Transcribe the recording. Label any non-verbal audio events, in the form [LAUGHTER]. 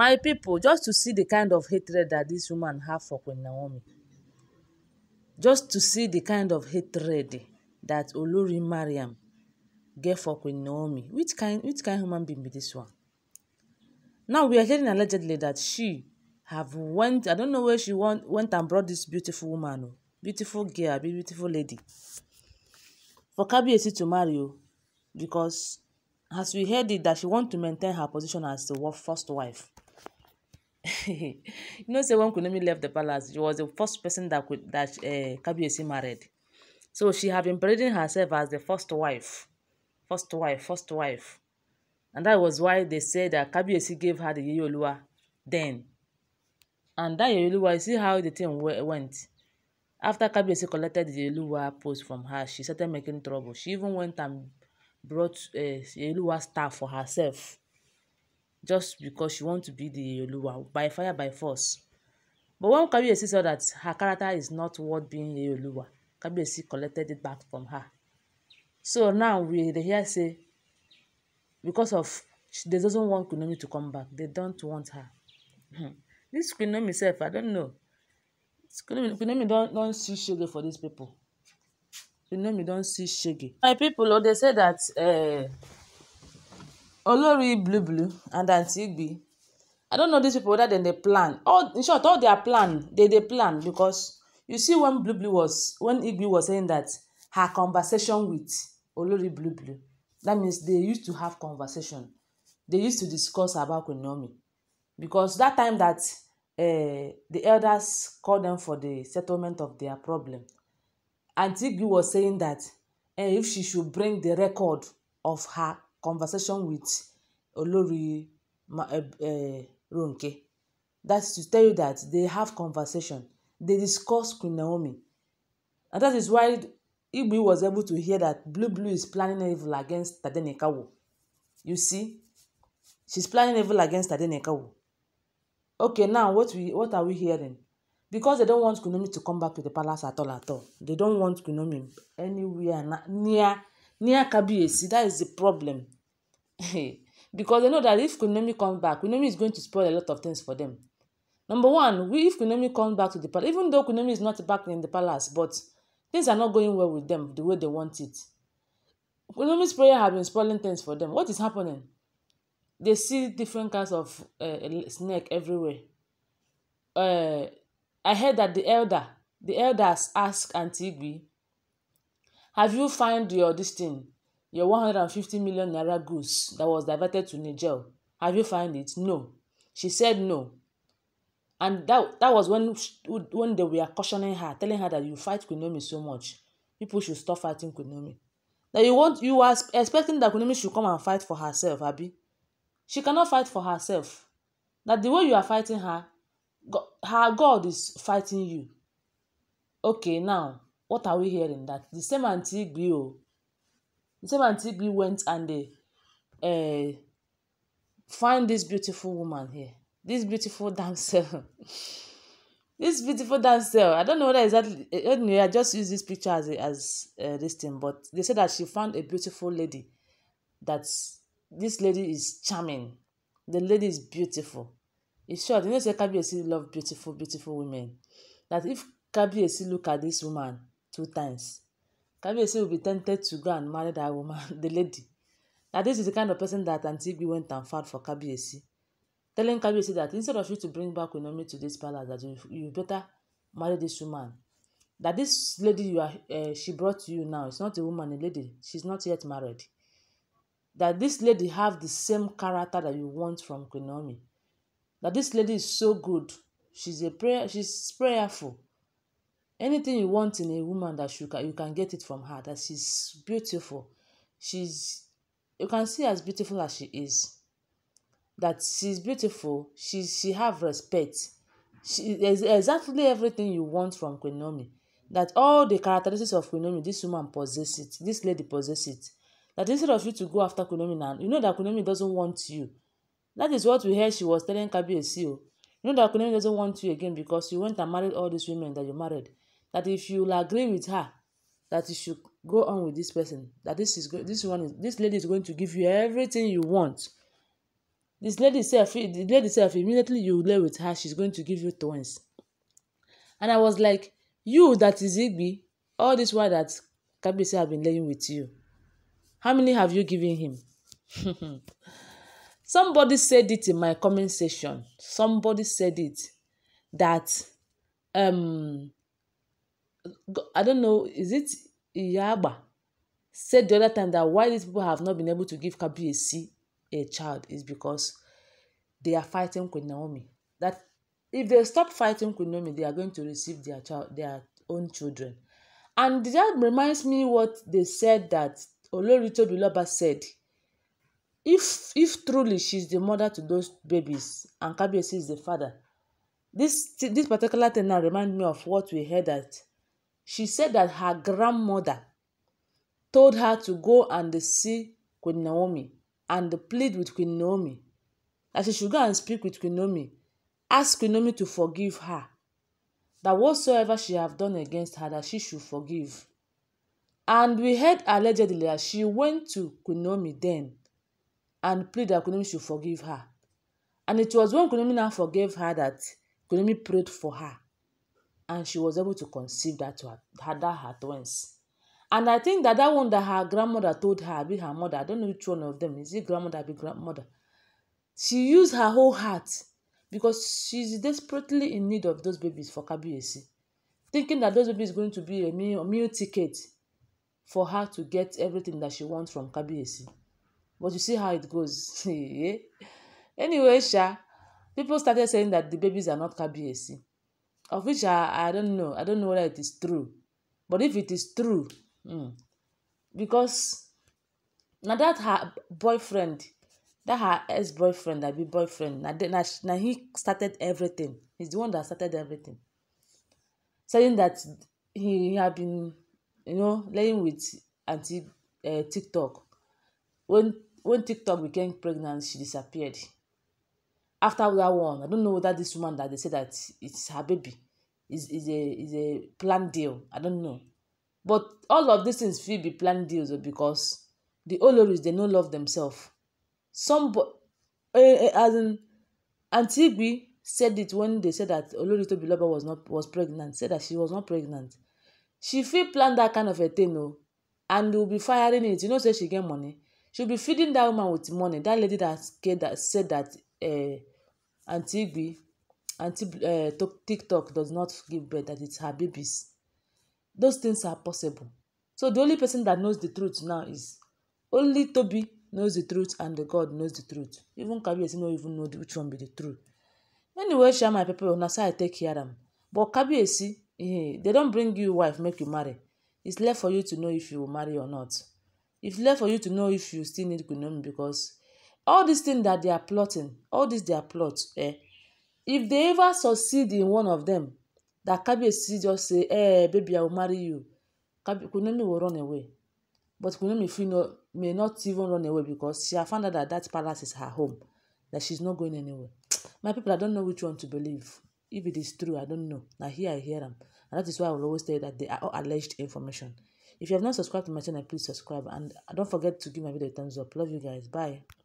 My people, just to see the kind of hatred that this woman have for Queen Naomi. Just to see the kind of hatred that Olori Mariam get for Queen Naomi. Which kind, which kind human being be this one? Now we are hearing allegedly that she have went, I don't know where she went, went and brought this beautiful woman, oh beautiful girl, beautiful lady, for Kabiyesi to marry you oh. because as we heard it that she want to maintain her position as the first wife you know, say when Kunemi left the palace, she was the first person that could that uh, Kabiyesi married. So she had been parading herself as the first wife, first wife, first wife, and that was why they said that Kabiyesi gave her the Yeyoluwa then. And that Yeyoluwa, you see how the thing went. After Kabiyesi collected the Yeyoluwa post from her, she started making trouble. She even went and brought uh, Yeyoluwa star for herself. just because she want to be the Oluwa by fire by force. But when Kabiyesi saw that her character is not worth being a Oluwa, Kabiyesi collected it back from her. So now we dey hear say because of she, they doesn't want Queen to come back, they don't want her. Hmm. this Queen Naomi I don't know. Queen Naomi, don't don't see sugar for these people. Queen don't see shege. My people, oh, they say that uh, Olori Blue Blue and Aunty Igbi. I don't know these people whether dem dey plan. All in short, all their plan, they dey plan because you see when Blue Blue was when Igbi was saying that her conversation with Olori Blue Blue, that means they used to have conversation. They used to discuss about Kwenomi because that time that uh, the elders called them for the settlement of their problem, Aunty Igbi was saying that uh, if she should bring the record of her conversation with Olori uh, eh, eh, ronke that is to tell you that they have conversation they discuss queen naomi and that is why igbe was able to hear that blue blue is planning evil against tadenikawo you see she's planning evil against tadenikawo okay now what we what are we hearing because they don't want Kunomi to come back to the palace at all at all. They don't want Kunomi anywhere near near Kabiyesi. That is the problem. [LAUGHS] because they know that if Kunomi comes back, Kunomi is going to spoil a lot of things for them. Number one, if Kunomi comes back to the palace, even though Kunomi is not back in the palace, but things are not going well with them the way they want it. Kunomi's prayer have been spoiling things for them. What is happening? They see different kinds of uh, snake everywhere. Uh, I heard that the elder, the elders asked Antigui, have you found your this thing? your one hundred and fifty million naira goods that was diverted to niger have you find it no she said no and that that was when when they were cautioning her telling her that you fight kunomi so much people should stop fighting kunomi that you want you are expecting that kunomi should come and fight for herself abi she cannot fight for herself that the way you are fighting her her God is fighting you okay now what are we hearing that the same aunty gbio The same Auntie B went and they uh, eh, find this beautiful woman here. This beautiful [LAUGHS] damsel. this beautiful damsel. I don't know whether exactly. Eh, anyway, I just use this picture as a, as uh, this thing. But they say that she found a beautiful lady. That this lady is charming. The lady is beautiful. In short, you know, say Kabiyesi love beautiful, beautiful women. That if Kabiyesi look at this woman two times, Kabiyesi will be tempted to go and marry that woman, [LAUGHS] the lady. Now, this is the kind of person that Auntie Igwe went and fought for Kabiyesi, telling Kabiyesi that instead of you to bring back Unomi to this palace, that you, you better marry this woman. That this lady you are, uh, she brought to you now, it's not a woman, a lady. She's not yet married. That this lady have the same character that you want from Kunomi. That this lady is so good. She's a prayer. She's prayerful anything you want in a woman that you can you can get it from her that she's beautiful she's you can see as beautiful as she is that she's beautiful she she have respect she is exactly everything you want from Queen that all the characteristics of Queen this woman possess it this lady possess it that instead of you to go after Queen Naomi now you know that Queen doesn't want you that is what we heard she was telling Kabi Kabiyesi o oh. you know that Queen doesn't want you again because you went and married all these women that you married that if you agree with her that you should go on with this person that this is this one is this lady is going to give you everything you want this lady self the lady self immediately you lay with her she's going to give you twins and i was like you that is igbi all this while that kabisi I've been laying with you how many have you given him [LAUGHS] somebody said it in my comment section somebody said it that um I don't know, is it Iyagba said the other time that why these people have not been able to give Kabi a C a child is because they are fighting Queen Naomi. That if they stop fighting Queen Naomi, they are going to receive their child, their own children. And that reminds me what they said that Olori Tobiloba said. If if truly she's the mother to those babies and Kabi is the father, this this particular thing now remind me of what we heard that she said that her grandmother told her to go and see Queen Naomi and plead with Queen Naomi that she should go and speak with Queen Naomi, ask Queen Naomi to forgive her, that whatsoever she have done against her, that she should forgive. And we heard allegedly that she went to Queen Naomi then and pleaded that Queen Naomi should forgive her. And it was when Queen Naomi now forgave her that Queen Naomi prayed for her and she was able to conceive that, her, that at once. And I think that that one that her grandmother told her, be her mother, I don't know which one of them, is it grandmother, be grandmother. She used her whole heart because she's desperately in need of those babies for KBAC, thinking that those babies going to be a meal, meal ticket for her to get everything that she wants from KBAC. But you see how it goes. yeah. [LAUGHS] anyway, Sha, people started saying that the babies are not KBAC. of which I, I don't know. I don't know whether it is true. But if it is true, mm, because now that her boyfriend, that her ex boyfriend, that be boyfriend, now, now, now he started everything. He's the one that started everything. Saying that he, he had been, you know, laying with anti uh, eh, TikTok. When when TikTok became pregnant, she disappeared. after that one i don't know whether this woman that they say that it's her baby is is a is a planned deal i don't know but all of these things fit be planned deals because the oloris they no love themselves some uh, eh, eh, as in aunty gbi said it when they said that olori tobiloba was not was pregnant said that she was not pregnant she fit plan that kind of a thing o and will be firing it you know say she get money she will be feeding that woman with money that lady that scared that said that uh, Aunty Igwe, Aunty uh, TikTok does not give birth, that it's her babies. Those things are possible. So the only person that knows the truth now is only Toby knows the truth and the God knows the truth. Even Kabiyesi no even know which one be the truth. Anyway, share my people, na I take care of them. But Kabiyesi, eh, they don't bring you wife make you marry. It's left for you to know if you will marry or not. It's left for you to know if you still need Kunomi because all these things that they are plotting all these their plots. eh if they ever succeed in one of them that kabiyesi just say eh baby i will marry you kabi Kunemi will run away but Kunemi fit no may not even run away because she has found out that that palace is her home that she's not going anywhere my people i don't know which one to believe if it is true i don't know Now here i hear them, and that is why i will always tell you that they are all alleged information if you have not subscribed to my channel please subscribe and don't forget to give my video a thumbs up love you guys bye.